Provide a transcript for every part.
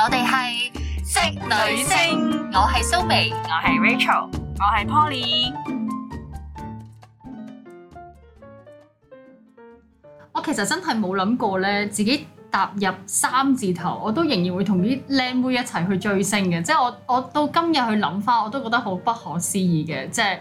我哋係職女聲，我係蘇眉，我係 Rachel，我係 Polly。我其實真係冇諗過咧，自己踏入三字頭，我都仍然會同啲靚妹一齊去追星嘅。即係我，我到今日去諗翻，我都覺得好不可思議嘅。即係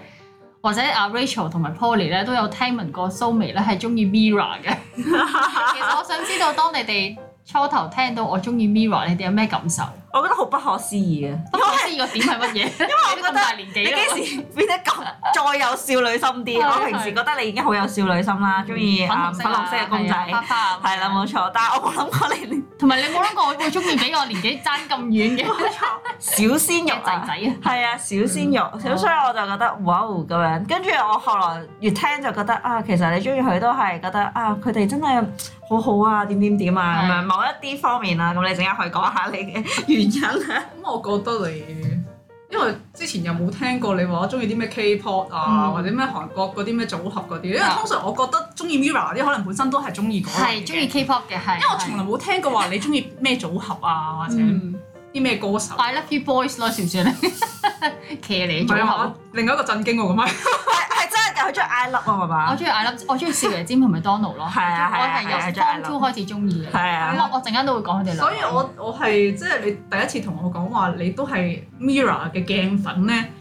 或者阿 Rachel 同埋 Polly 咧，都有聽聞過蘇眉咧係中意 Vera 嘅。 其實我想知道，當你哋。初頭聽到我中意 Mirror，你哋有咩感受？我覺得好不可思議啊。不可思議個點係乜嘢？因為我覺得年紀你幾時變得咁再有少女心啲？我平時覺得你已經好有少女心啦，中意粉紅色嘅公仔，係啦，冇錯。但係我冇諗過你，同埋你冇諗過會中意俾我年紀爭咁遠嘅冇錯，小鮮肉仔仔啊！係啊，小鮮肉，所以我就覺得哇咁樣。跟住我後來越聽就覺得啊，其實你中意佢都係覺得啊，佢哋真係好好啊，點點點啊咁樣。某一啲方面啊，咁你陣間可以講下你嘅。咁、啊嗯、我覺得你，因為之前又冇聽過你話中意啲咩 K-pop 啊，嗯、或者咩韓國嗰啲咩組合嗰啲，因為通常我覺得中意 Mirror 啲可能本身都係中意嗰類係中意 K-pop 嘅，係。因為我從來冇聽過話你中意咩組合啊，或者啲咩歌手。嗯、歌手 I love you boys 咯，算唔算咧？騎 呢組合、啊。另外一個震驚喎、啊，咁係 。又中意 I 粒 啊嘛、啊啊啊，我中意 I 粒，我中意士力尖同麥當勞咯。我係由 f two 開始中意嘅。咁我陣間都會講佢哋兩個。所以我我係即係你第一次同我講話，你都係 Mirror 嘅鏡粉咧，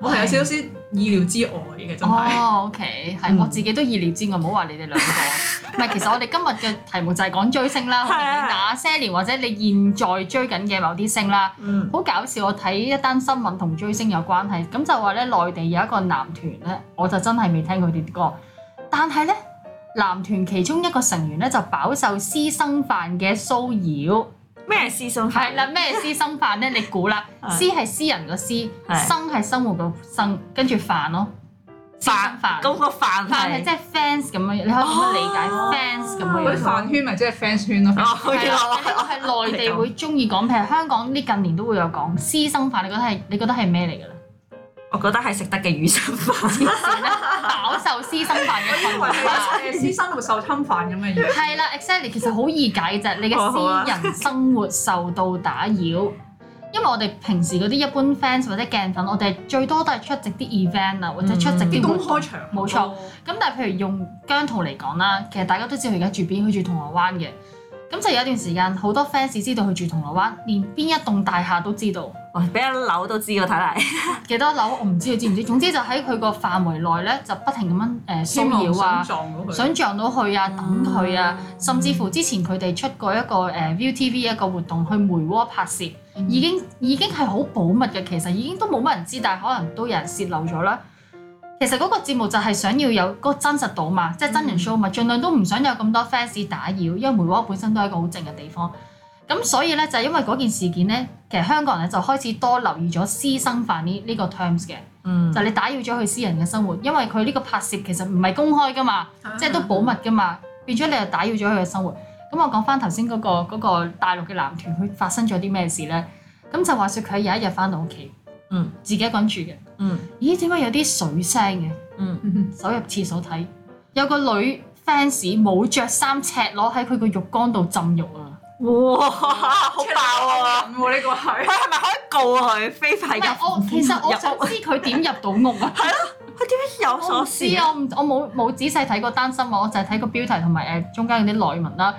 我係有少少。意料之外嘅真係。哦、oh，OK，係、嗯、我自己都意料之外，唔好話你哋兩個。唔係， 其實我哋今日嘅題目就係講追星啦，哪 些年或者你現在追緊嘅某啲星啦。好、 嗯、搞笑，我睇一單新聞同追星有關係，咁就話咧，內地有一個男團咧，我就真係未聽過佢哋啲歌，但係咧，男團其中一個成員咧就飽受私生飯嘅騷擾。咩私生飯？係啦，咩私生飯咧？你估啦，私係私人個私，生係生活個生，跟住飯咯，飯飯咁個飯。飯係即 fans 咁嘅嘢，你可以點樣理解 fans 咁嘅嘢？飯圈咪即 fans 圈咯。哦，係啊，內地會中意講，譬如香港呢，近年都會有講私生飯。你覺得係？你覺得係咩嚟㗎咧？我覺得係食得嘅魚生飯， 飽受私生飯嘅侵犯。 私生活受侵犯咁嘅嘢。係啦 exactly 其實好易解，就係你嘅私人生活受到打擾。因為我哋平時嗰啲一般 fans 或者鏡粉，我哋最多都係出席啲 event 啊，或者出席啲公、嗯、開場。冇錯。咁但係譬如用姜濤嚟講啦，其實大家都知佢而家住邊，佢住銅鑼灣嘅。咁就有一段時間，好多 fans 知道佢住銅鑼灣，連邊一棟大廈都知道。俾一樓都知，我睇嚟幾多樓我唔知，你知唔知？總之就喺佢個範圍內咧，就不停咁樣誒騷擾啊，想撞到佢、嗯、啊，等佢啊，嗯、甚至乎之前佢哋出過一個誒、呃、ViuTV 一個活動去梅窩拍攝，嗯、已經已經係好保密嘅，其實已經都冇乜人知，但係可能都有人洩漏咗啦。其實嗰個節目就係想要有嗰真實度嘛，即係真人 show 嘛，盡、嗯、量都唔想有咁多 fans 打擾，因為梅窩本身都係一個好靜嘅地方。咁所以咧，就是、因為嗰件事件咧，其實香港人咧就開始多留意咗私生飯呢呢個 terms 嘅，嗯、就你打擾咗佢私人嘅生活，因為佢呢個拍攝其實唔係公開噶嘛，嗯、即係都保密噶嘛，嗯、變咗你又打擾咗佢嘅生活。咁、嗯嗯、我講翻頭先嗰個大陸嘅男團，佢發生咗啲咩事咧？咁就話說佢有一日翻到屋企，嗯，自己一個人住嘅，嗯，咦，點解有啲水聲嘅？嗯，走入廁所睇，有個女 fans 冇着衫赤裸喺佢個浴缸度浸，浸浴啊！哇！哇好爆啊！呢個係佢係咪可以告佢非法入屋？其實我想知佢點入到屋啊， 啊！係咯，佢點有所思有有、呃、啊？我我冇冇仔細睇過單新聞，我就睇個標題同埋誒中間嗰啲內文啦。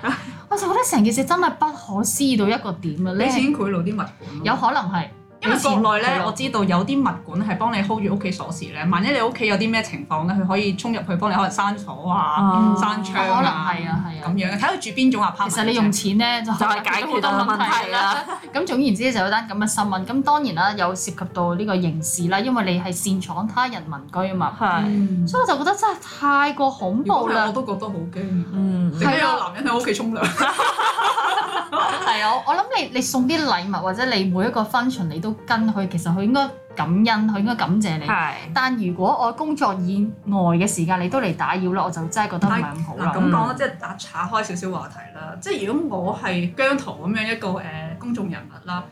我就覺得成件事真係不可思議到一個點啊！ 你借錢攰攞啲物品有可能係。喺國內咧，我知道有啲物管係幫你 hold 住屋企鎖匙咧。萬一你屋企有啲咩情況咧，佢可以衝入去幫你可能閂鎖啊、閂窗啊，係啊係啊。咁樣睇佢住邊種 apartment。其實你用錢咧就可以解決問題啦。係啦。咁總言之就一單咁嘅新聞。咁當然啦，有涉及到呢個刑事啦，因為你係擅闖他人民居啊嘛。係。所以我就覺得真係太過恐怖啦。我都覺得好驚。嗯。係啊，男人喺屋企沖涼。係啊，我諗你你送啲禮物或者你每一個 function 你都。跟佢，其實佢應該感恩，佢應該感謝你。的但如果我工作以外嘅時間你都嚟打擾咧，我就真係覺得唔係咁好啦。咁講即係打岔開少少話題啦。即係如果我係姜濤咁樣一個誒、呃、公眾人物啦。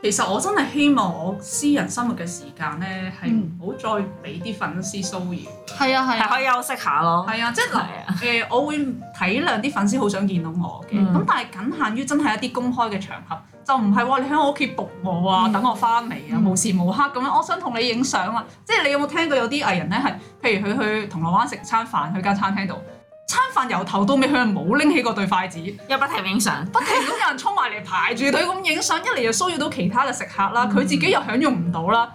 其實我真係希望我私人生活嘅時間呢，係唔好再俾啲粉絲騷擾嘅。係啊，係，啊，可以休息下咯。係啊，即係、啊啊呃、我會體諒啲粉絲好想見到我嘅。咁、嗯、但係僅限於真係一啲公開嘅場合，就唔係你喺我屋企捕我啊，嗯、等我翻嚟啊，無時無刻咁樣。我想同你影相啊，即係你有冇聽過有啲藝人呢？係，譬如佢去銅鑼灣食餐飯，去間餐廳度。餐飯由頭到尾佢冇拎起嗰對筷子，又不停影相，不停咁有人衝埋嚟排住隊咁影相， 一嚟又騷擾到其他嘅食客啦，佢、嗯、自己又享用唔到啦，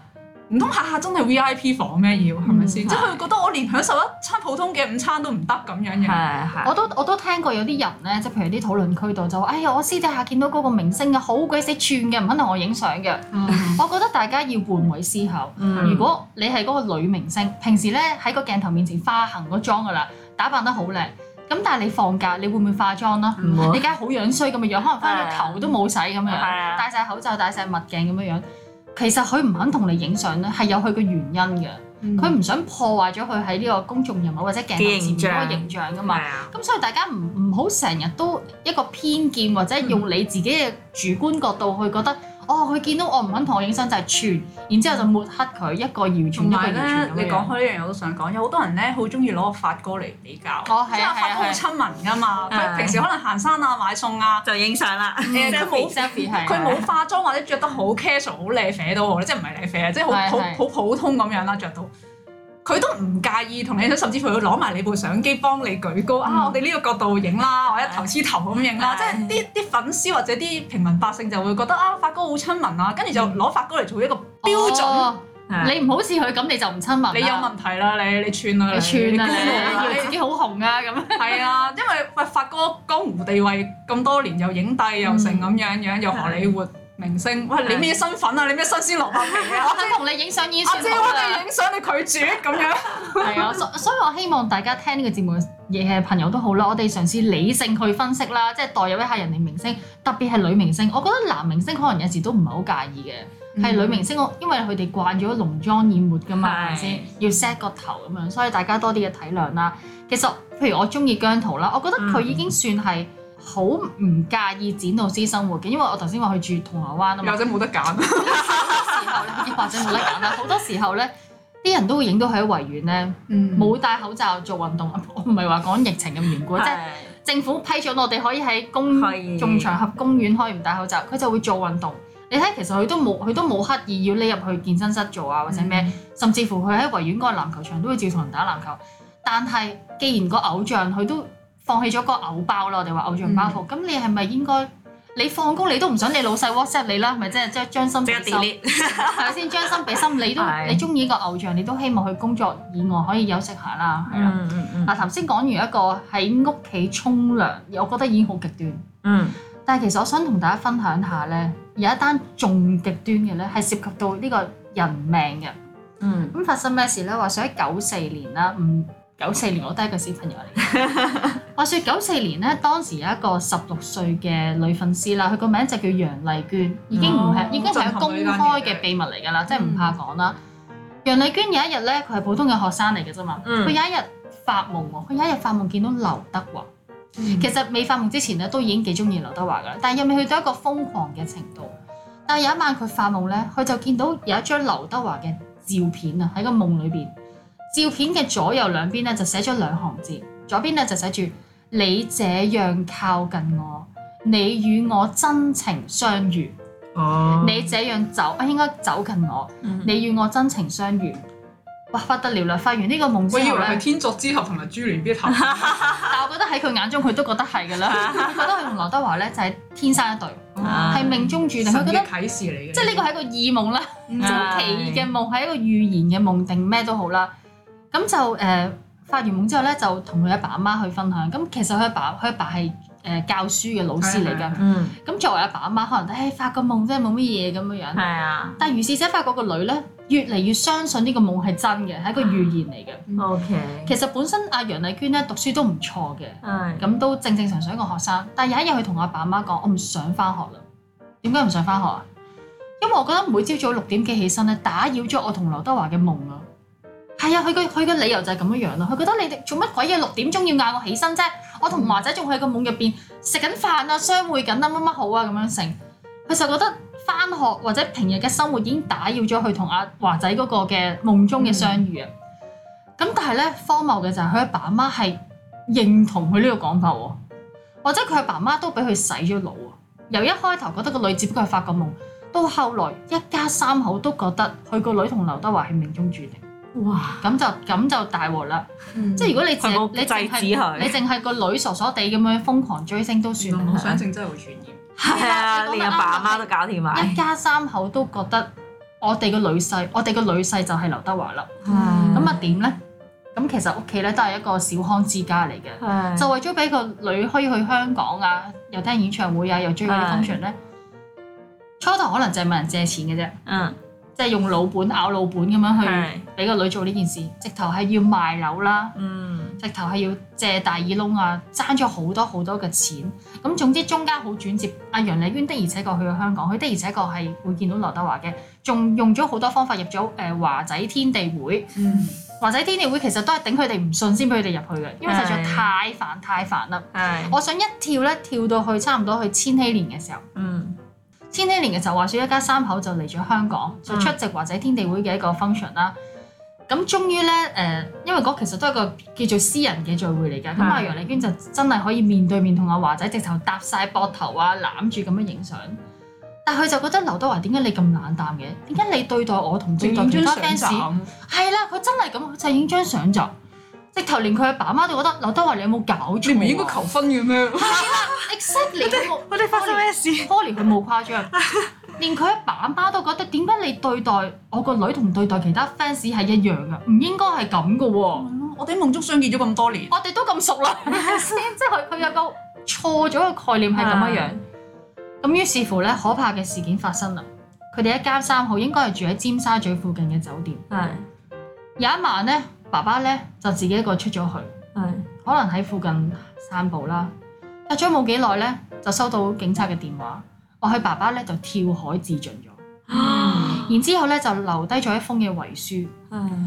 唔通下下真係 VIP 房咩？要係咪先？即係佢覺得我連享受一餐普通嘅午餐都唔得咁樣嘅、嗯。我都我都聽過有啲人呢，即係譬如啲討論區度就話：哎呀，我私底下見到嗰個明星嘅好鬼死串嘅，唔肯同我影相嘅。嗯、 我覺得大家要換位思考，如果你係嗰個，嗯、的個女明星，平時呢喺個鏡頭面前化行個妝噶啦。打扮得好靚，咁但係你放假，你會唔會化妝啦？ 你梗係好樣衰咁嘅樣，可能翻到頭都冇洗咁樣， 戴晒口罩、戴晒墨鏡咁樣樣，其實佢唔肯同你影相咧，係有佢嘅原因嘅，佢唔、嗯、想破壞咗佢喺呢個公眾人物或者鏡頭前面嗰個形象噶嘛。咁所以大家唔唔好成日都一個偏見或者用你自己嘅主觀角度去覺得。嗯嗯。哦，佢見到我唔肯同我影相就係串，然之後就抹黑佢，一個謠傳，一個謠傳咁。你講開呢樣嘢我都想講，有好多人咧好中意攞個發哥嚟比較，因為發哥好親民噶嘛，佢平時可能行山啊、買餸啊就影相啦，佢冇化妝或者着得好 casual、好靚啡都好，即係唔係靚啡啊，即係好好好普通咁樣啦，着到。佢都唔介意同你，甚至乎會攞埋你部相機幫你舉高啊！我哋呢個角度影啦，我一頭黐頭咁影啦，即係啲啲粉絲或者啲平民百姓就會覺得啊，發哥好親民啊，跟住就攞發哥嚟做一個標準。你唔好似佢咁，你就唔親民。你有問題啦，你你串啦，你串啦，你自己好紅啊咁。係啊，因為喂發哥江湖地位咁多年又影帝又成咁樣樣，又荷里活。明星，喂，你咩身份啊？你咩新鮮蘿蔔皮啊？阿芝同你影相已經算好，我哋影相你拒絕咁樣。係 啊， 所以我希望大家聽呢個節目嘅朋友都好啦，我哋嘗試理性去分析啦，即係代入一下人哋明星，特別係女明星。我覺得男明星可能有時都唔係好介意嘅，係女明星，是因為佢哋慣咗濃妝豔抹㗎嘛，係咪先？要 set 個頭咁樣，所以大家多啲嘅體諒啦。其實，譬如我中意姜濤啦，我覺得佢已經算係。嗯好唔介意剪到私生活嘅，因為我頭先話佢住銅鑼灣啊嘛，或者冇得揀。好 多時候咧，或者冇得揀。但好多時候咧，啲人都會影到喺維園咧，冇、嗯、戴口罩做運動。我唔係話講疫情咁嚴酷，是即係政府批准我哋可以喺公眾場合公園可以唔戴口罩，佢就會做運動。你睇其實佢都冇，佢都冇刻意要匿入去健身室做啊或者咩，嗯、甚至乎佢喺維園嗰個籃球場都會照同人打籃球。但係既然個偶像佢都，放棄咗個偶包喇，我哋話偶像包袱，咁、嗯、你係咪應該？你放工你都唔想你老細 WhatsApp 你啦，咪即係即係將心比心，係咪先將心比心？你都是你中意呢個偶像，你都希望佢工作以外可以休息下啦，係啦。嗱、嗯，頭先講完一個喺屋企沖涼，我覺得已經好極端。嗯。但係其實我想同大家分享下咧，有一單仲極端嘅咧，係涉及到呢個人命嘅。嗯。咁、嗯、發生咩事咧？話説喺九四年啦，嗯。九四年我都係一個小朋友嚟， 話説九四年咧，當時有一個十六歲嘅女粉絲啦，佢個名就叫楊麗娟，已經唔係，哦、已經係公開嘅秘密嚟㗎啦，嗯、即係唔怕講啦。楊麗娟有一日咧，佢係普通嘅學生嚟嘅啫嘛，佢、嗯、有一日發夢喎，佢有一日發夢見到劉德華，嗯、其實未發夢之前咧，都已經幾中意劉德華㗎啦，但係又未去到一個瘋狂嘅程度。但係有一晚佢發夢咧，佢就見到有一張劉德華嘅照片啊，喺個夢裏邊。照片嘅左右兩邊咧就寫咗兩行字，左邊咧就寫住你這樣靠近我，你與我真情相遇。哦，oh. 你這樣走啊，應該走近我，你與我真情相遇。Mm hmm. 哇，不得了啦！發完呢個夢之後我以為天作之合同埋珠聯璧合， 但我覺得喺佢眼中，佢都覺得係噶啦，覺得佢同劉德華咧就係、是、天生一對，係、oh. 命中注定。佢覺得啟示嚟嘅，即係呢個係一個異夢啦，唔知奇異嘅夢，係、oh. 一個預言嘅夢定咩都好啦。咁就誒、呃、發完夢之後咧，就同佢阿爸阿媽去分享。咁其實佢阿爸佢阿爸係誒、呃、教書嘅老師嚟噶。咁、嗯、作為阿爸阿媽，可能誒、哎、發個夢真係冇乜嘢咁嘅樣。係啊。但如是者發覺個女咧，越嚟越相信呢個夢係真嘅，係一個預言嚟嘅。O K。其實本身阿、啊、楊麗娟咧讀書都唔錯嘅。咁都正正常常一個學生，但有一日佢同阿爸阿媽講：我唔想返學啦。點解唔想返學啊？因為我覺得每朝早六點幾起身咧，打擾咗我同劉德華嘅夢咯。係啊，佢個佢個理由就係咁樣樣咯。佢覺得你哋做乜鬼嘢六點鐘要嗌我起身啫？我同華仔仲喺個夢入邊食緊飯啊，相會緊啊，乜乜好啊咁樣成。佢就覺得返學或者平日嘅生活已經打擾咗佢同阿華仔嗰個嘅夢中嘅相遇啊。咁、嗯、但係咧，荒謬嘅就係佢阿爸阿媽係認同佢呢個講法喎，或者佢阿爸阿媽都俾佢洗咗腦啊。由一開頭覺得個女只不過係發個夢，到後來一家三口都覺得佢個女同劉德華係命中注定。哇！咁就咁就大鑊啦！即係如果你淨你淨係你淨係個女傻傻地咁樣瘋狂追星都算啦。我想淨真係會傳染。係啊，連阿爸阿媽都搞掂埋。一家三口都覺得我哋個女婿，我哋個女婿就係劉德華啦。咁啊點咧？咁其實屋企咧都係一個小康之家嚟嘅，就為咗俾個女可以去香港啊，又聽演唱會啊，又追嗰啲 function 咧。初頭可能就係問人借錢嘅啫。嗯。即係用老本咬老本咁樣去俾個是女做呢件事，直頭係要賣樓啦，嗯、直頭係要借大耳窿啊，爭咗好多好多嘅錢。咁總之中間好轉折。阿楊麗娟的而且確去咗香港，佢的而且確係會見到劉德華嘅，仲用咗好多方法入咗誒華仔天地會。嗯、華仔天地會其實都係頂佢哋唔信先俾佢哋入去嘅，因為實在太煩太煩啦。是我想一跳咧，跳到去差唔多去千禧年嘅時候。嗯千禧年嘅時候，話説一家三口就嚟咗香港，就出席華仔天地會嘅一個 function 啦。咁、嗯、終於呢，誒、呃，因為嗰其實都係個叫做私人嘅聚會嚟㗎。咁阿楊麗娟就真係可以面對面同阿華仔直頭搭晒膊頭啊，攬住咁樣影相。但係佢就覺得劉德華點解你咁冷淡嘅？點解你對待我同對待其他 fans 係啦？佢真係咁就影張相就。直頭連佢阿爸媽都覺得劉德華你有冇搞錯，你唔係應該求婚嘅咩？Exactly，佢哋發生咩事？o 多年佢冇誇張，連佢阿爸媽都覺得點解你對待我個女同對待其他 fans 係一樣嘅？唔應該係咁嘅喎。我哋夢中相見咗咁多年，我哋都咁熟啦，即係佢有個錯咗嘅概念係咁樣。咁於是乎咧，可怕嘅事件發生啦。佢哋一家三口應該係住喺尖沙咀附近嘅酒店。係有一晚咧。爸爸咧就自己一個出咗去，可能喺附近散步啦。但咗冇幾耐咧，就收到警察嘅電話，話佢爸爸咧就跳海自盡咗。 然之後咧就留低咗一封嘅遺書，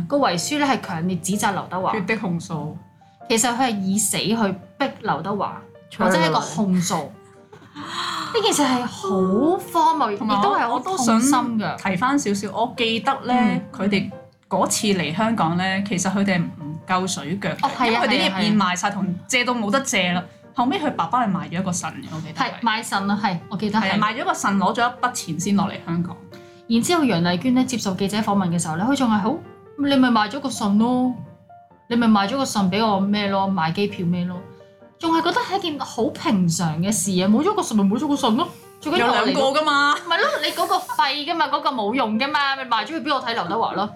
個 遺書咧係強烈指責劉德華，絕逼控訴。其實佢係以死去逼劉德華，或者係一個控訴。呢件事係好荒謬，亦都係我都想提翻少少。我記得咧，佢哋。嗰次嚟香港咧，其實佢哋唔夠水腳，哦啊、因為佢啲嘢變賣晒同、啊啊啊、借到冇得借啦。後尾佢爸爸係賣咗一個腎嘅，我記得係賣腎啊，係，我記得係賣咗個腎，攞咗一筆錢先落嚟香港。嗯、然之後楊麗娟咧接受記者訪問嘅時候咧，佢仲係好，oh, 你咪賣咗個腎咯，你咪賣咗個腎俾我咩咯，買機票咩咯，仲係覺得係一件好平常嘅事啊！冇咗個腎咪冇咗個腎咯，有兩個㗎嘛，咪咯，你嗰個廢㗎嘛，嗰 個冇用㗎嘛，咪賣咗去俾我睇劉德華咯？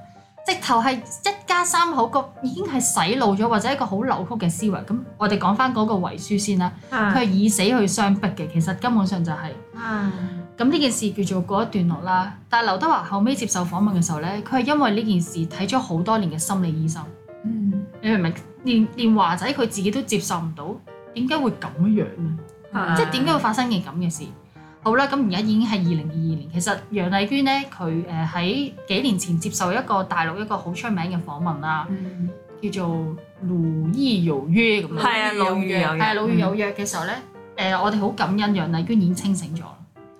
直頭係一家三口個已經係洗腦咗，或者一個好扭曲嘅思維。咁我哋講翻嗰個遺書先啦，佢係的以死去相逼嘅，其實根本上就係。咁呢件事叫做過一段落啦。但係劉德華後尾接受訪問嘅時候呢，佢係因為呢件事睇咗好多年嘅心理醫生。嗯，你明唔明？連連華仔佢自己都接受唔到，點解會咁樣？即係點解會發生嘅咁嘅事？好啦，咁而家已經係二零二二年。其實楊麗娟咧，佢誒喺幾年前接受一個大陸一個好出名嘅訪問啦，嗯、叫做《魯豫有約》咁樣。係啊、嗯，《魯豫有約》係《魯豫有約》嘅、嗯、時候咧，誒我哋好感恩楊麗娟已經清醒咗，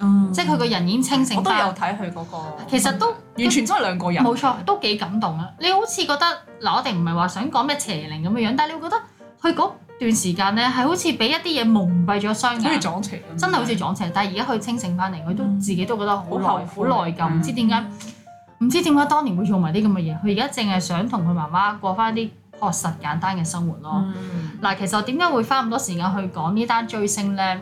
嗯、即係佢個人已經清醒翻。我都有睇佢嗰個。其實都完全真係兩個人。冇錯，都幾感動啊！你好似覺得嗱，我哋唔係話想講咩邪靈咁嘅樣，但係你會覺得佢段時間咧，係好似俾一啲嘢蒙蔽咗雙眼，好似撞邪，真係好似撞邪。但係而家佢清醒翻嚟，佢都、嗯、自己都覺得好耐。好內疚，唔的知點解，唔的知點解當年會用埋啲咁嘅嘢。佢而家淨係想同佢媽媽過翻啲樸實簡單嘅生活咯。嗱、嗯，其實我點解會花咁多時間去講呢單追星咧？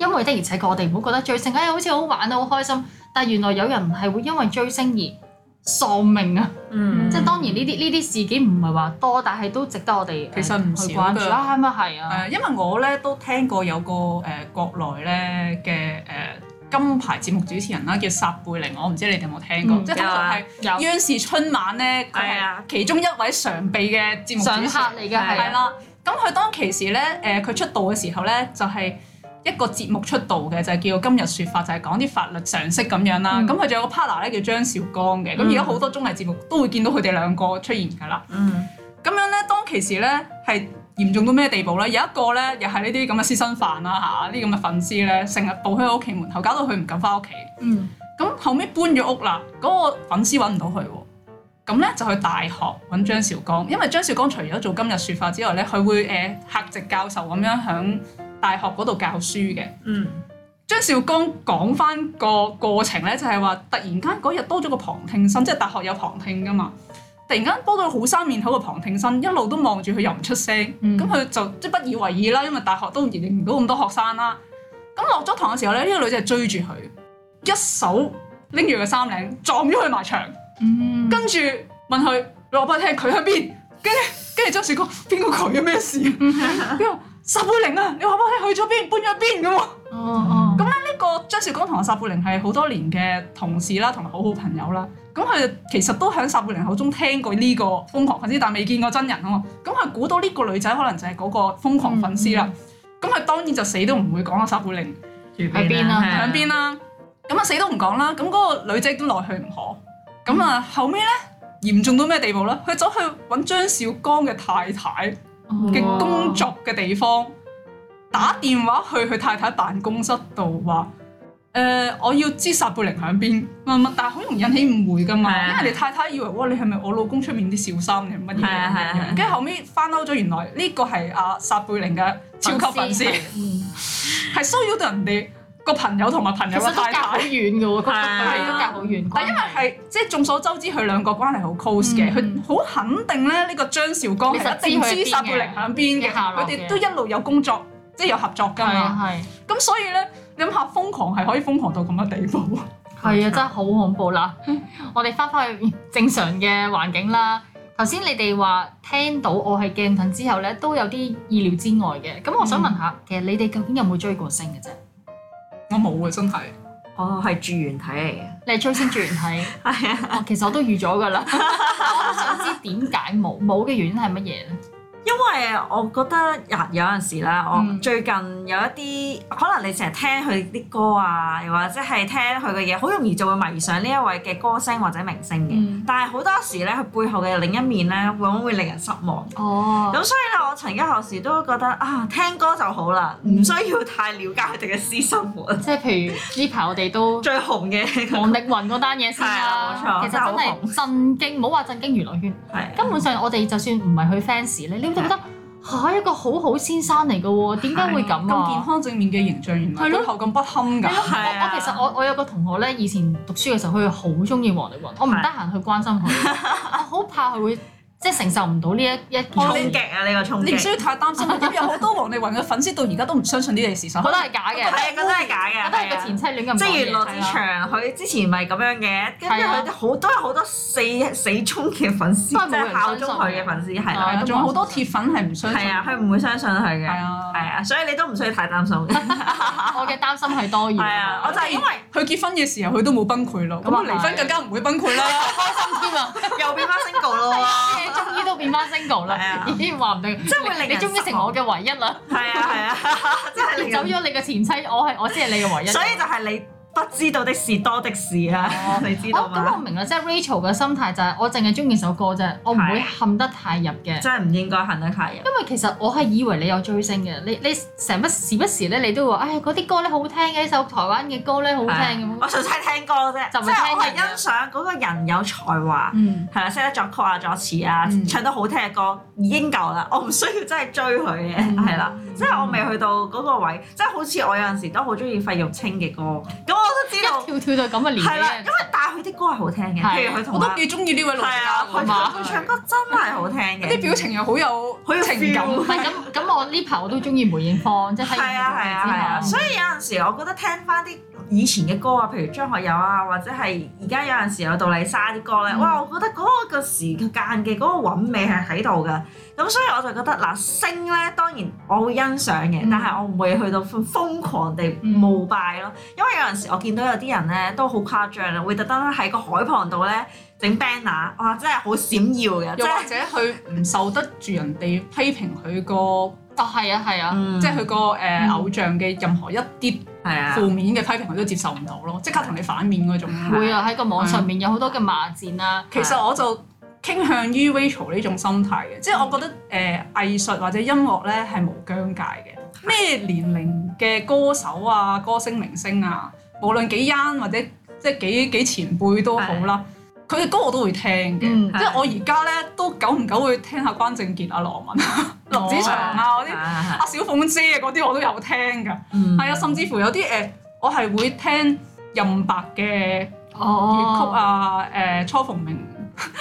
因為的而且確，我哋唔好覺得追星，哎，好似好玩啊，好開心。但係原來有人係會因為追星而喪命啊！嗯、即係當然呢啲呢啲事件唔係話多，但係都值得我哋其實唔少啊，去關注啦，係咪？係啊，因為我咧都聽過有個誒、呃、國內咧嘅誒金牌節目主持人啦，叫撒貝寧，我唔知你哋有冇聽過，嗯、即係通常係央視春晚咧佢係其中一位常備嘅節目主客嚟嘅係啦。咁佢當其時咧誒佢出道嘅時候咧就係、是。一個節目出道嘅就係、是、叫《今日説法》，就係、是、講啲法律常識咁樣啦。咁佢仲有個 partner 咧叫張紹剛嘅。咁而家好多綜藝節目都會見到佢哋兩個出現㗎啦。嗯，咁樣咧，當其時咧係嚴重到咩地步咧？有一個咧又係呢啲咁嘅私生飯啦吓，呢啲咁嘅粉絲咧成日步喺屋企門口，搞到佢唔敢翻屋企。嗯，咁後尾搬咗屋啦，嗰、那個粉絲揾唔到佢喎，咁咧就去大學揾張紹剛，因為張紹剛除咗做《今日説法》之外咧，佢會誒、呃、客席教授咁樣響，大學嗰度教書嘅，嗯、張紹剛講翻個過程咧，就係話突然間嗰日多咗個旁聽生，即係大學有旁聽噶嘛。突然間多咗個好生面口嘅旁聽生，一路都望住佢又唔出聲，咁佢、嗯、就即係不以為意啦，因為大學都認唔到咁多學生啦。咁落咗堂嘅時候咧，呢、呢個女仔追住佢，一手拎住個衫領撞咗佢埋牆，嗯、跟住問佢：我冇聽佢喺邊？跟住跟住張紹剛邊個狂？有咩事？唔好。撒貝寧啊，你話唔話佢去咗邊，搬咗邊嘅喎？哦哦。咁咧呢個張紹剛同阿撒貝寧係好多年嘅同事啦，同埋好好朋友啦。咁佢其實都喺撒貝寧口中聽過呢個瘋狂粉絲，但係未見過真人啊嘛。咁佢估到呢個女仔可能就係嗰個瘋狂粉絲啦。咁佢當然就死都唔會講阿撒貝寧喺邊啦，喺邊啦。咁啊死都唔講啦。咁嗰個女仔都內去唔可。咁啊後尾咧嚴重到咩地步咧？佢走去揾張紹剛嘅太太。嘅工作嘅地方，打電話去佢太太辦公室度話，誒、呃，我要知撒貝寧喺邊？唔唔，但係好容易引起誤會噶嘛，的因為你太太以為，哇，你係咪我老公出面啲小三定乜嘢？跟住後尾翻嬲咗，原來呢、這個係阿撒貝寧嘅超級粉絲，係 騷擾到人哋。個朋友同埋朋友嘅關係好遠嘅喎，個距離都隔好遠。但因為係即係眾所周知，佢兩個關係好 close 嘅，佢好肯定咧。呢個張兆光係一定支持佢兩邊嘅，佢哋都一路有工作，即係有合作㗎嘛。咁所以咧，你諗下，瘋狂係可以瘋狂到咁嘅地步，係啊，真係好恐怖啦！我哋翻返去正常嘅環境啦。頭先你哋話聽到我係鏡粉之後咧，都有啲意料之外嘅。咁我想問下，其實你哋究竟有冇追過星嘅啫？我冇啊，真係，哦係住原體嚟嘅，你最先住原體，係啊、 哦，其實我都預咗噶啦， 我都想知點解冇冇嘅原因係乜嘢咧？因為我覺得有陣時啦，我最近有一啲可能你成日聽佢啲歌啊，又或者係聽佢嘅嘢，好容易就會迷上呢一位嘅歌聲或者明星嘅。但係好多時咧，佢背後嘅另一面咧，往往會令人失望。哦。咁所以咧，我曾經有時都覺得啊，聽歌就好啦，唔需要太了解佢哋嘅私生活。即係譬如呢排我哋都最紅嘅王力宏嗰單嘢先啦，啊，其實真係震驚，唔好話震驚娛樂圈，係根本上我哋就算唔係去 fans 咧，呢。就覺得嚇一個好好先生嚟嘅喎，點解會咁咁健康正面嘅形象，原來之的後咁不堪㗎。的的我我其實我我有個同學咧，以前讀書嘅時候，佢好中意王力宏，的我唔得閒去關心佢， 我好怕佢會。即係承受唔到呢一一衝擊啊，呢個衝擊，你唔需要太擔心。咁有好多王力宏嘅粉絲到而家都唔相信呢件事，新聞都係假嘅，係啊，都係假嘅，都係佢前妻亂咁，即係羅志祥，佢之前唔係咁樣嘅，跟住佢都好都好多死死忠嘅粉絲，即係效忠佢嘅粉絲係啦。仲有好多鐵粉係唔相信，係啊，佢唔會相信佢嘅，係啊，所以你都唔需要太擔心。我嘅擔心係多餘。係啊，我就係因為佢結婚嘅時候佢都冇崩潰咯，咁離婚更加唔會崩潰啦，開心添啊，又變翻 single 啦。 終於都變翻 single 啦，啊、已經話唔定，即係會令你終於成我嘅唯一啦。係啊係啊，即係、啊、 你走咗你嘅前妻，我係我先係你嘅唯一。所以就係你。不知道的事多的是啦、啊， 你知道嘛？咁、哦、我明啦，即係 Rachel 嘅心態就係我淨係中意首歌啫，我唔會陷得太入嘅。真係唔應該陷得太入。因為其實我係以為你有追星嘅、嗯，你你成不時不時咧，你都會話唉嗰啲歌咧好聽嘅，呢首台灣嘅歌咧好聽咁、啊。我純粹聽歌啫，即係我係欣賞嗰個人有才華，係嘛識得作曲啊作詞啊，唱得好聽嘅歌已經夠啦，我唔需要真係追佢嘅，係啦、嗯。即係我未去到嗰個位，即係好似我有陣時都好中意費玉清嘅歌，咁我都知道跳跳就咁嘅年紀。係啦，因為但係佢啲歌係好聽嘅，譬如佢同我都幾中意呢位老師係嘛？佢唱歌真係好聽嘅，啲表情又好有好有情感。咁咁，我呢排我都中意梅艷芳，即係係啊係啊係啊，所以有陣時我覺得聽翻啲。以前嘅歌啊，譬如張學友啊，或者係而家有陣時有杜麗莎啲歌咧，嗯、哇！我覺得嗰個時間嘅嗰、嗰個韻味係喺度噶，咁、嗯、所以我就覺得嗱、呃，星咧當然我會欣賞嘅，嗯、但係我唔會去到瘋狂地膜拜咯，嗯、因為有陣時我見到有啲人咧都好誇張啦，會特登喺個海旁度咧。整 banner 哇，真係好閃耀嘅。或者佢唔受得住人哋批評佢個，啊係啊係啊，即係佢個誒偶像嘅任何一啲負面嘅批評，佢都接受唔到咯，即刻同你反面嗰種咯。會啊，喺個網上面有好多嘅罵戰啊。其實我就傾向於 Rachel 呢種心態嘅，即係我覺得誒藝術或者音樂咧係無疆界嘅，咩年齡嘅歌手啊、歌星明星啊，無論幾 young 或者即係幾幾前輩都好啦。佢嘅歌我都會聽嘅，嗯、即係我而家咧都久唔久會聽下關正傑啊、羅文啊、林羅 子祥啊嗰啲，阿小鳳姐啊嗰啲我都有聽㗎，係啊、嗯，甚至乎有啲誒、呃、我係會聽任白嘅粵曲啊，誒、哦呃、雛鳳鳴。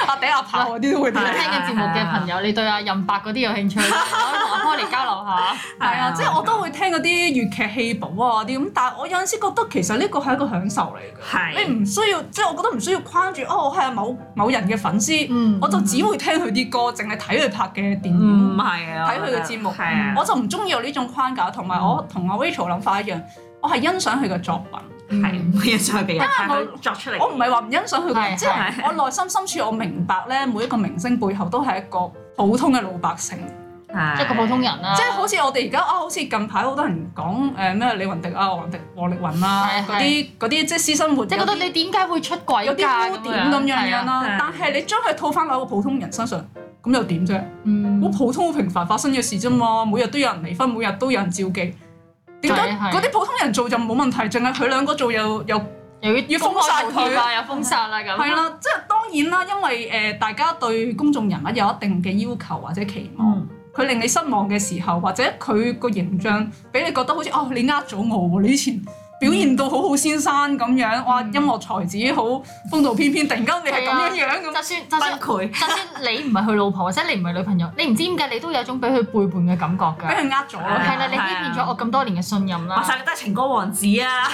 阿頂阿炮嗰啲都會聽嘅節目嘅朋友，你對阿任伯嗰啲有興趣？可唔可以同我開嚟交流下？係啊，即係我都會聽嗰啲粵劇戲寶啊啲咁，但係我有陣時覺得其實呢個係一個享受嚟嘅，你唔需要，即係我覺得唔需要框住哦，係某某人嘅粉絲，我就只會聽佢啲歌，淨係睇佢拍嘅電影，唔係啊，睇佢嘅節目，我就唔中意有呢種框架。同埋我同阿 Rachel 諗法一樣，我係欣賞佢嘅作品。係，欣賞佢嘅人，我作出嚟，我唔係話唔欣賞佢，即係我內心深處，我明白咧，每一個明星背後都係一個普通嘅老百姓，一個普通人啦。即係好似我哋而家啊，好似近排好多人講誒咩李雲迪啊、王迪、王力宏啊，嗰啲嗰啲即私生活，即覺得你點解會出軌？有啲污點咁樣樣啦。但係你將佢套翻落個普通人身上，咁又點啫？好普通好平凡發生嘅事啫嘛，每日都有人離婚，每日都有人召妓。點解嗰啲普通人做就冇問題，淨係佢兩個做又又要封殺佢？又封殺啦咁。係啦的樣，即係當然啦，因為誒大家對公眾人物有一定嘅要求或者期望，佢、嗯、令你失望嘅時候，或者佢個形象俾你覺得好似哦，你呃咗我你以前。」表現到好好先生咁樣，哇！音樂才子好風度翩翩，突然間你係咁樣樣咁，就算就算佢，就算你唔係佢老婆，或者你唔係女朋友，你唔知點解你都有種俾佢背叛嘅感覺㗎，俾佢呃咗係啦，你欺騙咗我咁多年嘅信任啦，話晒你都係情歌王子啊！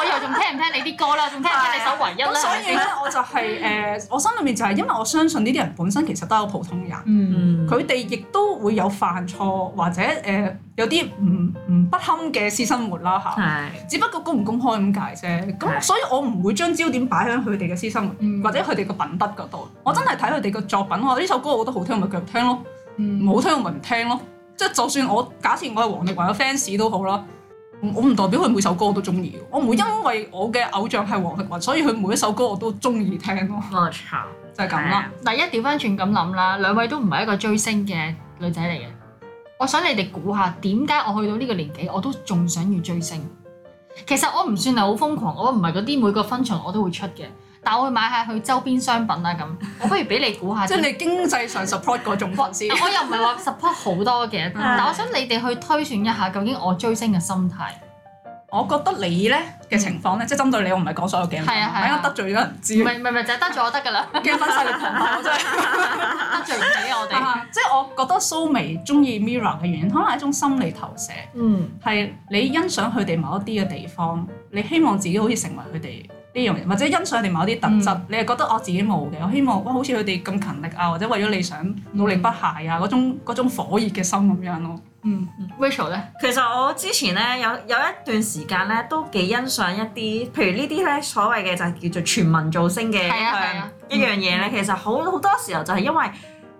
我又仲聽唔聽你啲歌啦？仲聽唔聽你首唯一？咁所以我就係誒，我心裏面就係因為我相信呢啲人本身其實都係普通人，佢哋亦都會有犯錯或者誒。有啲唔唔不堪嘅私生活啦吓？嚇是，只不過公唔公開咁解啫。咁是所以我唔會將焦點擺喺佢哋嘅私生活、嗯、或者佢哋嘅品德嗰度。嗯、我真係睇佢哋嘅作品咯。呢、嗯、首歌我覺得好聽，咪繼續聽咯。唔、嗯、好聽咪唔聽咯。即係就算我假設我係王力宏嘅 fans 都好啦，我唔代表佢每首歌我都中意。我唔會因為我嘅偶像係王力宏，所以佢每一首歌我都中意聽咯。我，我，我、嗯、就係咁啦。第、嗯、一掉返轉咁諗啦，兩位都唔係一個追星嘅女仔嚟嘅。我想你哋估下點解我去到呢個年紀我都仲想要追星。其實我唔算係好瘋狂，我唔係嗰啲每個分場我都會出嘅，但我會買下佢周邊商品啊咁。我不如俾你估下，即係你經濟上 support 嗰種方式。我又唔係話 support 好多嘅， 但我想你哋去推算一下，究竟我追星嘅心態。我覺得你咧嘅情況咧，嗯、即係針對你，我唔係講所有嘅 a m e 係啊，係啊，得罪咗人，知。唔係唔係，就係、係、得罪我得噶啦，驚分身嘅朋友真係得罪唔起我哋、 啊。即係我覺得蘇眉中意 m i r r o r 嘅原因，可能係一種心理投射，係、嗯、你欣賞佢哋某一啲嘅地方，你希望自己好似成為佢哋呢樣人，或者欣賞佢哋某一啲特質，嗯、你係覺得我自己冇嘅，我希望哇，好似佢哋咁勤力啊，或者為咗理想努力不懈啊，嗰、啊啊、種嗰種火熱嘅心咁樣咯。嗯，Rachel 咧呢，其實我之前咧有有一段時間咧都幾欣賞一啲，譬如呢啲咧所謂嘅就係叫做全民造星嘅一樣嘢咧。嗯、其實好好多時候就係因為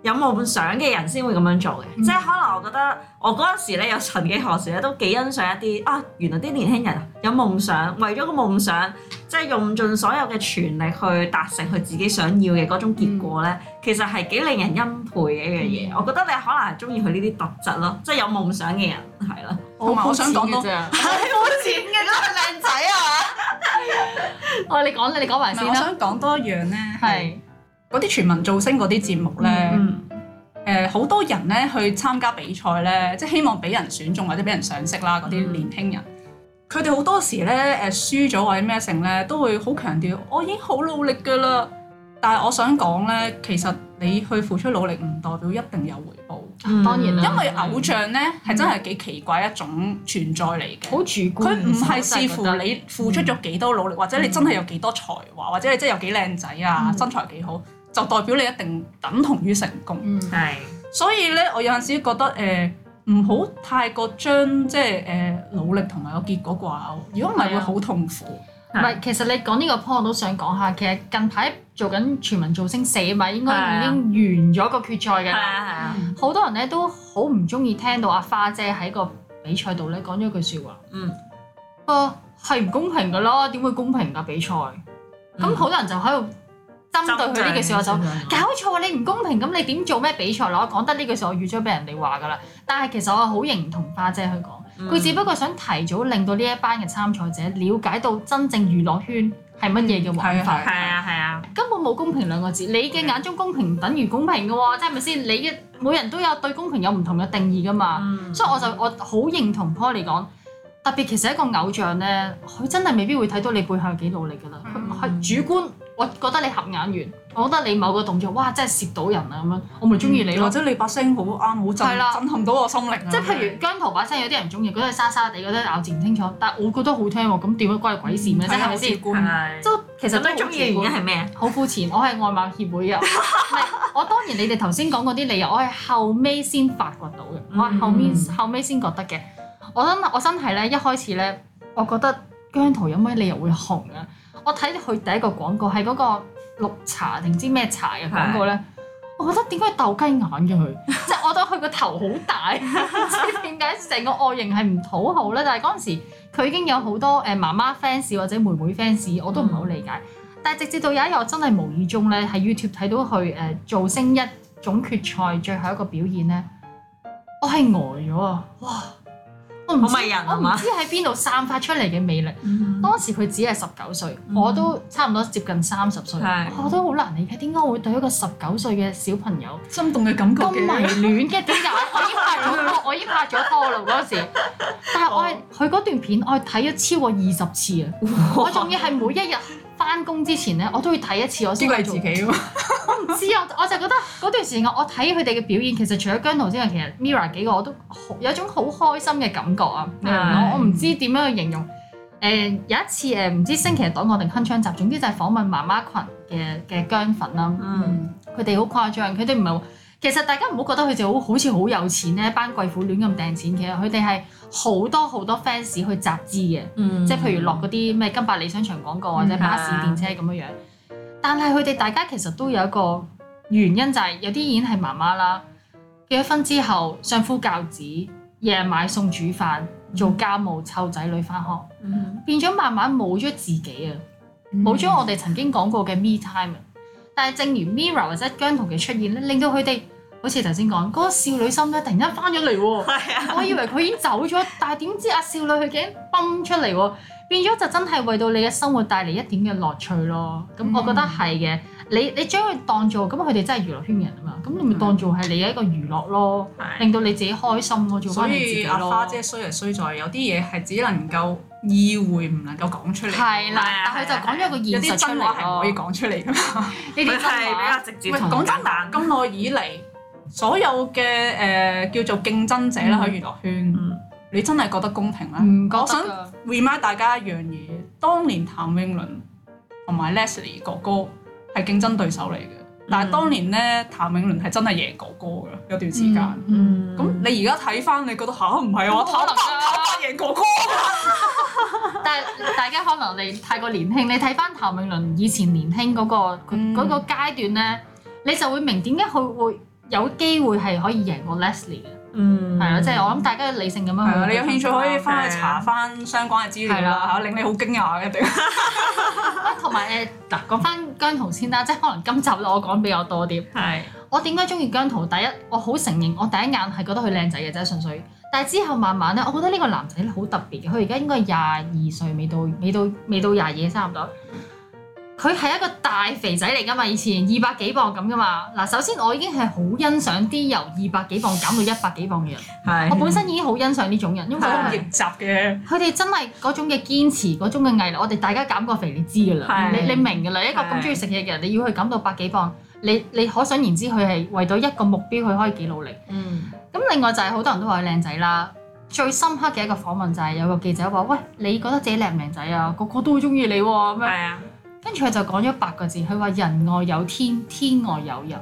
有夢想嘅人先會咁樣做嘅。嗯、即係可能我覺得我嗰陣時咧有曾幾何時咧都幾欣賞一啲啊，原來啲年輕人啊，有夢想，為咗個夢想。即係用盡所有嘅全力去達成佢自己想要嘅嗰種結果咧，其實係幾令人欽佩嘅一樣嘢。我覺得你可能係中意佢呢啲特質咯，即係有夢想嘅人係啦。同埋我想講多，係冇錢嘅都係靚仔啊！我話你講你，你講埋先。我想講多一樣咧，係嗰啲全民造星嗰啲節目咧，誒好多人咧去參加比賽咧，即係希望俾人選中或者俾人賞識啦，嗰啲年輕人。佢哋好多時咧，誒、呃、輸咗或者咩成咧，都會好強調，我已經好努力㗎啦。但係我想講咧，其實你去付出努力唔代表一定有回報，當然啦。因為偶像咧係、嗯、真係幾奇怪一種存在嚟嘅，好主觀。佢唔係視乎你付出咗幾多努力，嗯、或者你真係有幾多才華、嗯、有多才華，或者你真係有幾靚仔啊，嗯、身材幾好，就代表你一定等同於成功。係。所以咧，我有陣時覺得誒、呃呃唔好太過將即係誒努力同埋個結果掛鈎，如果唔係會好痛苦。唔係、啊， 其實你講呢個 point 我都想講下。其實近排做緊全民造星四啊嘛，應該已經完咗個決賽㗎啦。啊係啊，好、啊、多人咧都好唔中意聽到阿花姐喺個比賽度咧講咗一句説話。嗯，哦、啊，係唔公平㗎囉，點會公平㗎比賽？咁好、嗯、多人就喺度。針對佢呢句說話，我就、嗯、搞錯。你唔公平，咁你點做咩比賽？我講得呢句說話，我預咗俾人哋話噶啦。但係其實我好認同花姐去講，佢、嗯、只不過想提早令到呢一班嘅參賽者了解到真正娛樂圈係乜嘢嘅玩法。係啊係啊，根本冇公平兩個字。你嘅眼中公平唔等於公平嘅喎、哦，即係咪先？你嘅每人都有對公平有唔同嘅定義㗎嘛。嗯、所以我就我好認同 Paul 嚟講，特別其實一個偶像咧，佢真係未必會睇到你背後幾努力㗎啦。佢佢、嗯、主觀。我覺得你合眼緣，我覺得你某個動作，哇！真係蝕到人啊咁樣，我咪中意你咯。或者你把聲好啱，好震，震撼到我心靈。即係譬如姜濤把聲有啲人中意，覺得沙沙地，覺得咬字唔清楚，但我覺得好聽喎。咁點樣關你鬼事咩？真係咪先？即係其實都係中意嘅原因係咩？好膚淺。我係外貌協會人。唔係，我當然你哋頭先講嗰啲理由，我係後尾先發掘到嘅。我係後面後尾先覺得嘅。我真我真係咧，一開始咧，我覺得姜濤有咩理由會紅啊？我睇佢第一個廣告係嗰個綠茶定唔知咩茶嘅廣告咧，是的 我覺得點解鬥雞眼嘅佢？即係 我覺得佢個頭好大，唔知點解成個外形係唔討好咧。但係嗰陣時佢已經有好多誒媽媽 fans 或者妹妹 fans，我都唔係好理解。嗯、但係直至到有一日我真係無意中咧喺 YouTube 睇到佢誒、呃、造星一總決賽最後一個表演咧，我係呆咗啊！哇！我唔知，我唔知喺邊度散發出嚟嘅魅力。嗯、當時佢只係十九歲，我都差唔多接近三十歲，是的 我都好難理解點解我會對一個十九歲嘅小朋友心動嘅感覺嘅。咁迷戀嘅點解？我已經拍咗拖，我已經拍咗拖咯。嗰時，但係我係佢嗰段片，我係睇咗超過二十次啊！我仲要係每一日。翻工之前咧，我都會睇一次。我先做。自己喎。我唔知啊，我就覺得嗰段時間，我睇佢哋嘅表演，其實除咗姜濤之外，其實 Mirror 幾個我都好，有一種好開心嘅感覺啊是、嗯！我我唔知點樣去形容。誒、呃、有一次誒，唔知星期日檔案定《鏗鏘集》，總之就訪問媽媽群嘅嘅姜粉啦。嗯，佢哋好誇張，佢哋唔係。其實大家唔好覺得佢哋好好似好有錢咧，一班貴婦亂咁掟錢。其實佢哋係好多好多 fans 去集資嘅，即係、mm hmm. 譬如落嗰啲咩金百利商場廣告或者巴士電車咁樣樣。Mm hmm. 但係佢哋大家其實都有一個原因，就係、是、有啲已經係媽媽啦，結咗婚之後，相夫教子，夜買餸煮飯，做家務，湊仔女返學，mm hmm. 變咗慢慢冇咗自己啊，冇咗、mm hmm. 我哋曾經講過嘅 me time 啊。但係正如 Mirror 或者姜濤嘅出現咧，令到佢哋。好似頭先講嗰個少女心咧，突然間翻咗嚟喎。係啊、我以為佢已經走咗，但係點知阿少女佢竟然蹦出嚟喎，變咗就真係為到你嘅生活帶嚟一點嘅樂趣咯。咁我覺得係嘅、嗯。你你將佢當做咁，佢哋真係娛樂圈人啊嘛。咁你咪當做係你嘅一個娛樂咯，令到你自己開心做自己自己咯。所以阿花姐衰就衰在有啲嘢係只能夠意會，唔能夠講出嚟。係啦、啊，啊、但佢就講咗一個現實出嚟，真話唔可以講出嚟㗎嘛。呢啲係比較直接。喂，講真，咁耐以嚟。所有嘅誒、呃、叫做競爭者啦，喺娛樂圈，嗯嗯、你真係覺得公平啦。唔覺得。我想 remind 大家一樣嘢，當年譚詠麟同埋 Leslie 哥哥係競爭對手嚟嘅，嗯、但係當年咧，譚詠麟係真係贏哥哥㗎有段時間。嗯。咁、嗯、你而家睇翻，你覺得嚇唔係我可能啊，贏哥哥、啊 但。但係大家可能你太過年輕，你睇翻譚詠麟以前年輕嗰、嗰個佢、嗰個嗰個、階段咧，你就會明點解佢會，有機會係可以贏過 Leslie 嘅，係啊、嗯，即係我諗大家理性咁樣。係啊，你有興趣可以翻去查翻的相關嘅資料啦，嚇的，令你好驚訝嘅。一定。同埋誒，嗱， 講翻姜豪先啦，即係可能今集我講比較多啲。係的。我點解中意姜濤？第一，我好承認，我第一眼係覺得佢靚仔嘅啫，純粹。但係之後慢慢咧，我覺得呢個男仔好特別嘅。佢而家應該廿二歲，未到，未到，未到廿二差唔多，佢係一個大肥仔嚟㗎嘛，以前二百幾磅咁㗎嘛。嗱，首先我已經係好欣賞啲由二百幾磅減到一百幾磅嘅人。是的 我本身已經好欣賞呢種人，因為逆襲嘅。佢哋的真係嗰種嘅堅持，嗰種嘅毅力。我哋大家減過肥，你知㗎啦是的。你你明㗎啦，是的 一個咁中意食嘢嘅人，你要去減到百幾磅，你你可想而知，佢係為到一個目標，佢可以幾努力。咁、嗯、另外就係好多人都話佢靚仔啦。最深刻嘅一個訪問就係有個記者話：「喂，你覺得自己靚唔靚仔啊？個個都中意你喎 跟住佢就講咗八個字，佢話人外有天，天外有人。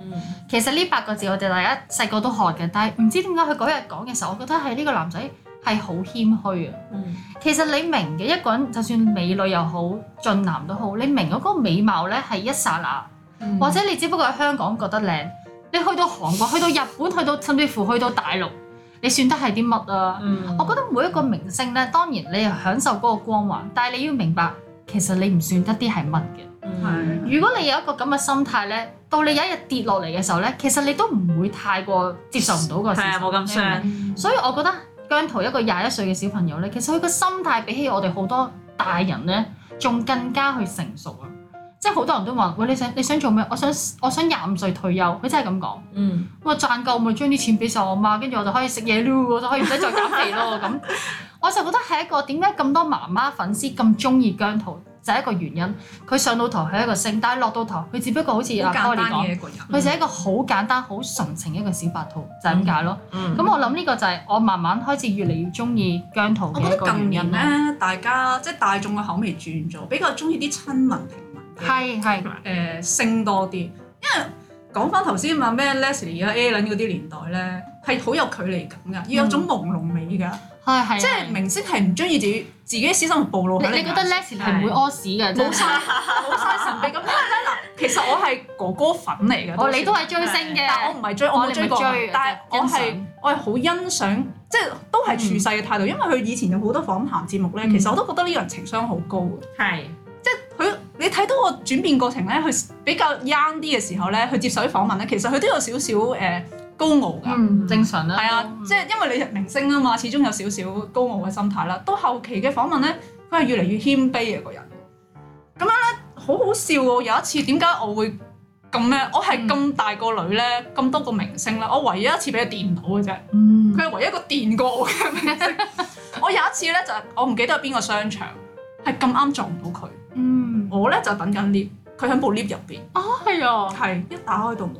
嗯、其實呢八個字我哋大家細個都學嘅，但係唔知點解佢嗰日講嘅時候，我覺得係呢個男仔係好謙虛啊。嗯、其實你明嘅一個人，就算美女又好，俊男都好，你明嗰個美貌呢係一剎那，嗯、或者你只不過喺香港覺得靚，你去到韓國、去到日本、去到甚至乎去到大陸，你算得係啲乜啊？嗯、我覺得每一個明星呢，當然你享受嗰個光環，但係你要明白。其實你唔算得啲係乜嘅。嗯係，如果你有一個咁嘅心態咧，到你有一日跌落嚟嘅時候咧，其實你都唔會太過接受唔到個事。係冇咁傷係咪？所以我覺得姜濤一個廿一歲嘅小朋友咧，其實佢個心態比起我哋好多大人咧，仲更加去成熟啊。即係好多人都話：喂你想你想做咩？我想我想廿五歲退休。佢真係咁講。嗯。我賺夠我咪將啲錢俾晒我媽，媽，跟住我就可以食嘢，我就可以唔使再減肥咯咁。 我就覺得係一個點解咁多媽媽粉絲咁中意姜濤，就係、是、一個原因。佢上到台係一個星，但落到台佢只不過好似阿 Kylie 講，佢就一個好簡單、好、嗯、純情一個小白兔，就係咁解咯。咁、嗯嗯、我諗呢個就係我慢慢開始越嚟越中意姜濤一我一得近因咧。大家即係大眾嘅口味轉咗，比較中意啲親民平民，係係誒星多啲。因為講翻頭先話咩 Leslie 啊 A 倫嗰啲年代咧，係好有距離感噶，要有種朦朧味噶。嗯即係明星係唔中意自己自己私生活暴露。你覺得 Leslie 係唔會屙屎嘅？冇晒，冇晒神秘感。因為咧嗱，其實我係哥哥粉嚟嘅。哦，你都係追星嘅，但我唔係追，我係追個，但係我係我係好欣賞，即係都係處世嘅態度。因為佢以前有好多訪談節目咧，其實我都覺得呢個人情商好高嘅。係，即係佢你睇到個轉變過程咧，佢比較 young 啲嘅時候咧，佢接受啲訪問咧，其實佢都有少少誒。高傲㗎，正常啦。係啊，即係因為你係明星啊嘛，始終有少少高傲嘅心態啦。到後期嘅訪問咧，佢係越嚟越謙卑嘅個人。咁樣咧，好好笑喎！有一次點解我會咁咩？我係咁大個女咧，咁多個明星咧，我唯一一次俾佢電到嘅啫。佢係唯一個電過我嘅明星。我有一次咧就，我唔記得係邊個商場，係咁啱撞唔到佢。嗯。我咧就等緊 lift，佢喺部 lift 入邊。哦，係啊。係，一打開到門。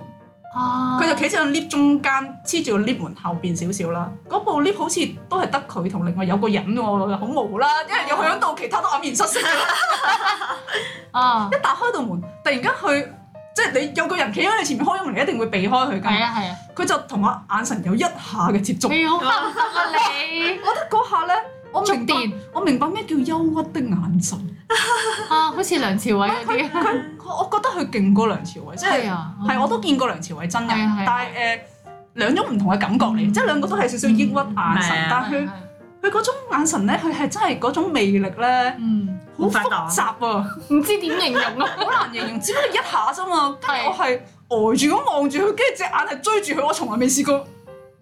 佢、啊、就企喺度 lift 中間，黐住 lift 門後邊少少啦。嗰部 lift 好似都係得佢同另外有個人喎，好無啦，因為入去喺度，其他都黯然失色。 啊！一打開道門，突然間佢即係你有個人企喺你前面，開門，你一定會避開佢㗎。係啊，係啊！佢、啊、就同我眼神有一下嘅接觸。我覺得嗰下咧，我明白，我明白咩叫憂鬱的眼神。啊！好似梁朝偉啲，佢我覺得佢勁過梁朝偉，真係啊，係我都見過梁朝偉真人，但係誒兩種唔同嘅感覺嚟，即係兩個都係少少抑鬱眼神，但係佢佢嗰種眼神咧，佢係真係嗰種魅力咧，嗯，好複雜啊，唔知點形容啊，好難形容，只不過一下咋嘛，我係呆住咁望住佢，跟住隻眼係追住佢，我從來未試過。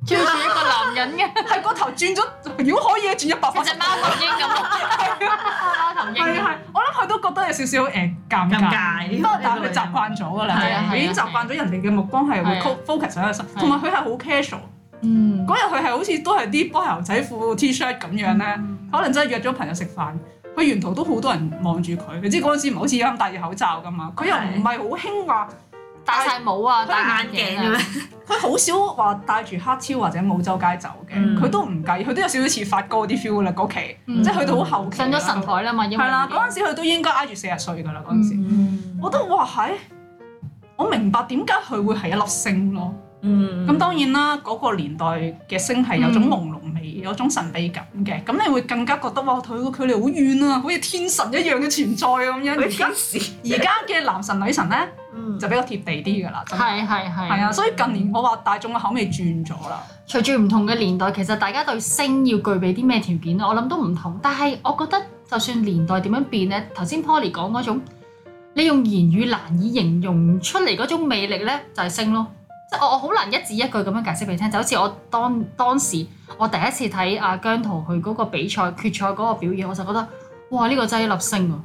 叫住一個男人嘅，係個 頭轉咗，如果可以咧，轉一百度。隻 貓頭鷹咁，係啊， 貓頭鷹。係，我諗佢都覺得有少少誒尷尬，咁啊，但係佢習慣咗㗎啦，佢已經習慣咗人哋嘅目光係會 focus 喺個身，同埋佢係好 casual。嗰日佢係好似都係啲波鞋牛仔褲 T-shirt 咁樣咧，嗯、可能真係約咗朋友食飯。佢沿途都好多人望住佢，你知嗰陣時唔好似啱戴住口罩㗎嘛，佢又唔係好興話。的戴晒帽啊，戴眼鏡啊，佢好少話戴住黑超或者冇周街走嘅，佢、嗯、都唔介意，佢都有少少似發哥啲 feel 啦，嗰期，嗯、即係去到好後期，期，上咗神台啦嘛，因為係啦的，嗰陣時佢都應該挨住四十歲噶啦，陣、嗯、時，嗯、我都話哇係，我明白點解佢會係一粒星咯，咁、嗯、當然啦，嗰個年代嘅星係有種朦朧。嗯嗯有種神秘感嘅，咁你會更加覺得哇，佢個距離好遠啊，好似天神一樣嘅存在咁、啊、樣。而家嘅男神女神呢，嗯、就比較貼地啲噶啦。係係係。係啊，所以近年我話大眾嘅口味轉咗啦。嗯、隨住唔同嘅年代，其實大家對星要具備啲咩條件我諗都唔同。但係我覺得，就算年代點樣變呢，頭先 Polly 講嗰種，你用言語難以形容出嚟嗰種魅力呢，就係、係、星咯。即我我好難一字一句咁樣解釋俾你聽，就好似我當當時我第一次睇阿姜濤去嗰個比賽決賽嗰個表演，我就覺得哇呢、呢個真係一粒星喎、啊，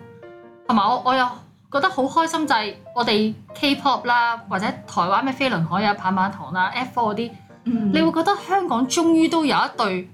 同埋我我又覺得好開心就係我哋 K-pop 啦，或者台灣嘅飛輪海啊、棒棒堂啦、F4 啲，mm hmm. 你會覺得香港終於都有一對。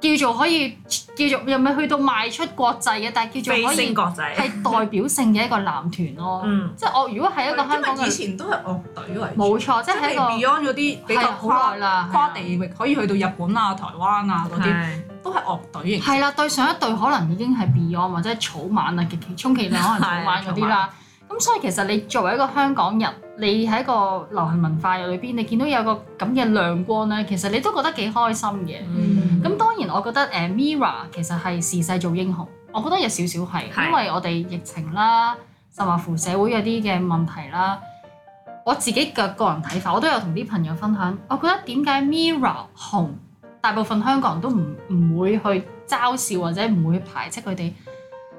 叫做可以叫做又咪去到賣出國際嘅，但係叫做可以係代表性嘅一個男團咯。嗯，即係我如果係一個香港，以前都係樂隊為主。冇錯，即係 Beyond 嗰啲比較跨啦，跨、啊、地域、啊、可以去到日本啊、台灣啊嗰啲，啊、都係樂隊型。係啦、啊，對上一隊可能已經係 Beyond 或者草蜢啊，其充其量可能草蜢嗰啲啦。咁所以其實你作為一個香港人。你喺個流行文化入邊，你見到有個咁嘅亮光呢，其實你都覺得幾開心嘅。咁、嗯、當然，我覺得 Mirror 其實係時勢做英雄，我覺得有少少係，是因為我哋疫情啦，甚至乎社會有啲嘅問題啦。我自己嘅個人睇法，我都有同啲朋友分享。我覺得點解 Mirror 紅，大部分香港人都唔唔會去嘲笑或者唔會排斥佢哋，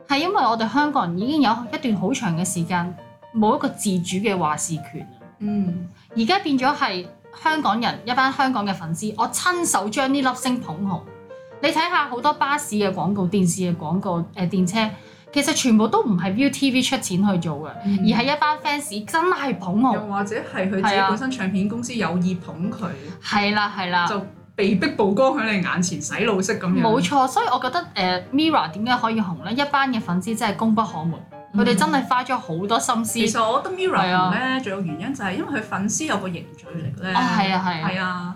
係因為我哋香港人已經有一段好長嘅時間。冇一個自主嘅話事權。嗯，而家變咗係香港人一班香港嘅粉絲，我親手將呢粒星捧紅。你睇下好多巴士嘅廣告、電視嘅廣告、誒、呃、電車，其實全部都唔係 ViuTV 出錢去做嘅，嗯、而係一班 fans 真係捧紅。或者係佢自己本身唱片公司有意捧佢。係啦、啊，係啦、啊。啊、就被逼曝光喺你眼前洗腦式咁樣。冇錯，所以我覺得誒 Mirror 點解可以紅呢？一班嘅粉絲真係功不可沒。嗯佢哋真係花咗好多心思，嗯。其實我覺得 Mirror 呢，最是、啊、有原因就係因為佢粉絲有個凝聚力咧。係啊，係啊。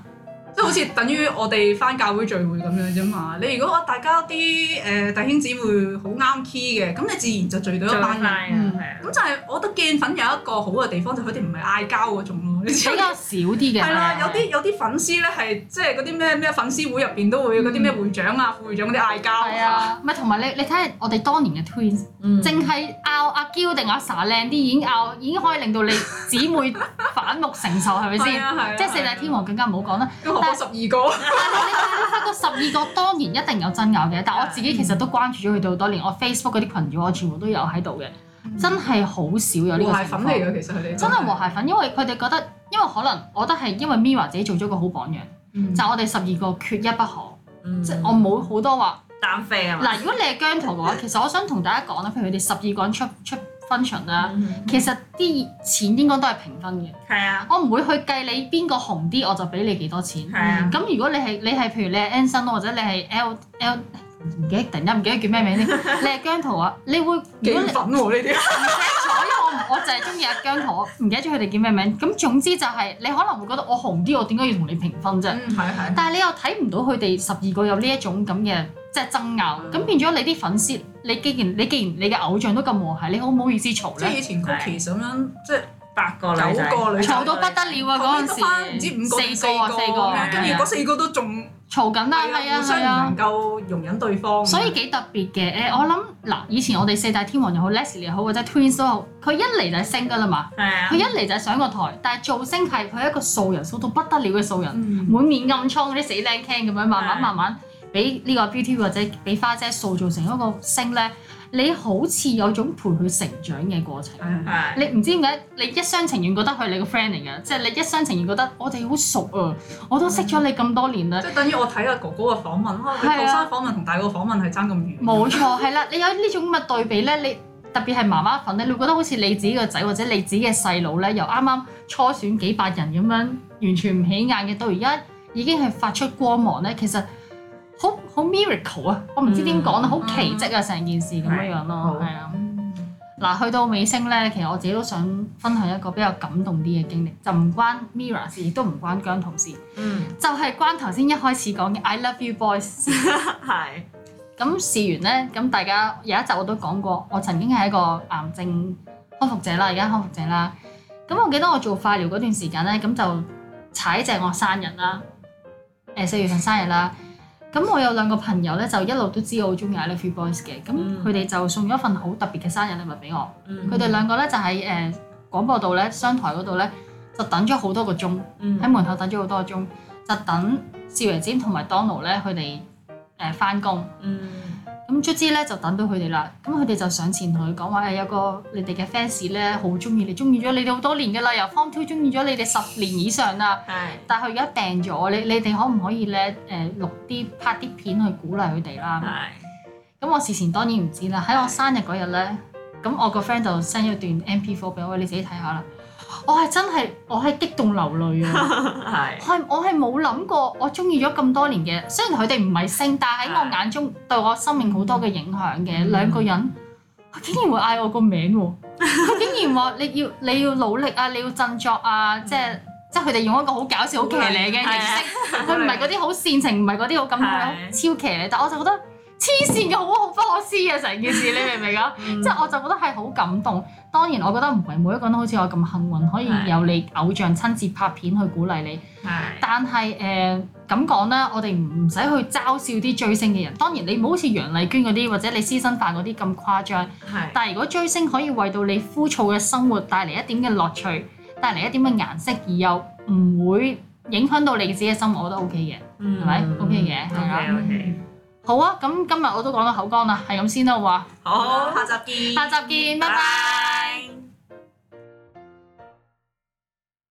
即係好似等於我哋翻教會聚會咁樣啫嘛！你如果大家啲誒弟兄姊妹好啱 key 嘅，咁你自然就聚到一班人。咁就係我覺得鏡粉有一個好嘅地方，就佢哋唔係嗌交嗰種咯，比較少啲嘅。係啦，有啲有啲粉絲咧係即係嗰啲咩咩粉絲會入邊都會嗰啲咩會長啊、副會長嗰啲嗌交。係啊，唔係，同埋你你睇下我哋當年嘅 Twins，淨係拗阿嬌定阿 Sa 靚啲已經拗已經可以令到你姊妹反目成仇係咪先？即係四大天王更加唔好講啦。十二但個，個十二個當然一定有爭拗嘅。但係我自己其實都關注咗佢哋好多年，我 Facebook 嗰啲群組，我全部都有喺度嘅，嗯、真係好少有呢個粉嚟㗎，其實佢哋真係和諧粉，因為佢哋覺得，因為可能我覺得係因為 Mirror 自己做咗個好榜樣，嗯、就我哋十二個缺一不可，嗯、即係我冇好多話單飛係嘛嗱。嗯、如果你係姜濤嘅話， 其實我想同大家講咧，譬如佢哋十二個人出出。分 u 啦，啊嗯、其實啲錢應該都係平分嘅。係啊，我唔會去計你邊個紅啲，我就俾你幾多錢。係啊，咁、嗯、如果你係你係譬如你係 N s 生咯，或者你係 L L 唔記得突然間唔記得叫咩名添， 你係 Gentle 啊，你會。你粉喎呢啲。 我就係中意阿姜濤，唔記得咗佢哋叫咩名。咁總之就係你可能會覺得我紅啲，我點解要同你平分啫？嗯，係但係你又睇唔到佢哋十二個有呢一種咁嘅即係爭拗，咁、嗯、變咗你啲粉絲，你既然你既然你嘅偶像都咁和諧，你好唔好意思嘈咧？以前 Cookies 咁樣，即係八個九個女仔嘈到不得了啊！嗰陣對時，唔知五四個啊，四個跟住嗰四個都仲，嘈緊啦，係啊，係啊，互相啊能夠容忍對方，所以幾特別嘅。誒，嗯、我諗嗱，以前我哋四大天王又好 ，Leslie 又好，或者 Twins 都好，佢一嚟就係星㗎喇嘛，佢是、啊、一嚟就係上個台，但係造星係佢一個素人，素到不得了嘅素人，滿、嗯、面暗瘡嗰啲死靚 Ken 咁樣，慢慢是、啊、慢慢俾呢個 Beauty 或者俾花姐塑造成一個星咧。你好似有種陪佢成長嘅過程，的你唔知點解你一廂情願覺得佢係你個 friend 嚟㗎，即係你一廂情願覺得我哋好熟啊，我都識咗你咁多年啦。即係等於我睇下哥哥嘅訪問啦，佢後生的、啊、訪問同大個訪問係爭咁遠。冇錯，係啦，你有呢種咁嘅對比呢？你特別係媽媽粉咧，你會覺得好似你自己個仔或者你自己嘅細佬呢，由啱啱初選幾百人咁樣完全唔起眼嘅，到而家已經係發出光芒呢。其實。好好 miracle 啊！我唔知點講，好奇蹟啊！成、嗯、件事咁樣樣咯，係啊的！嗱的，去到尾聲咧，其實我自己都想分享一個比較感動啲嘅經歷，就唔關 Mirror 事，亦都唔關姜濤事，嗯，就係關頭先一開始講嘅 I love you boys 的。係。咁事完咧，咁大家有一集我都講過，我曾經係一個癌症康復者啦，而家康復者啦。咁我記得我做化療嗰段時間咧，咁就踩正我生日啦，誒、呃、四月份生日啦。 咁我有兩個朋友咧，就一路都知我好中意《I Love You Boys》嘅，咁佢哋就送咗一份好特別嘅生日禮物俾我。佢哋 兩個咧就喺誒、呃、廣播道咧商台嗰度咧，就等咗好多個鐘，喺 門口等咗好多個鐘，就等少爺占同埋 Donald 咧佢哋誒翻工。 咁卒之咧就等到佢哋啦，咁佢哋就上前同佢講話誒，有個你哋嘅 fans 咧好中意你，中意咗你哋好多年嘅啦，由方超中意咗你哋十年以上啦，係的，但係佢而家病咗，你你哋可唔可以咧誒錄啲拍啲片去鼓勵佢哋啦？係的，咁我事前當然唔知啦，喺我生日嗰日咧，咁的我個 friend 就 send 一段 MP4 俾我，你自己睇下啦。我係真係，我係激動流淚啊！係，我係冇諗過，我中意咗咁多年嘅，雖然佢哋唔係星，但喺我眼中對我生命好多嘅影響嘅兩個人，竟然會嗌我個名喎！佢竟然話你要你要努力啊，你要振作啊！即係、 即係即係佢哋用一個好搞笑、好騎呢嘅形式，佢唔係嗰啲好煽情，唔係嗰啲好咁樣超騎呢，但我就覺得黐線嘅，好不可思議成、啊、件事，你明唔明啊？嗯、 即係我就覺得係好感動。當然，我覺得唔係每一個人都好似我咁幸運，可以有你偶像親自拍片去鼓勵你。是但係誒咁講咧，我哋唔使去嘲笑啲追星嘅人。當然，你唔好似楊麗娟嗰啲，或者你私生飯嗰啲咁誇張。是但係如果追星可以為到你枯燥嘅生活帶嚟一點嘅樂趣，帶嚟一點嘅顏色，而又唔會影響到你自己嘅生活，我都 OK 嘅，係咪？OK 嘅係啦。係 OK。好啊，咁今日我都講到口乾啦，係咁先啦喎。好，下集見。下集見，拜拜。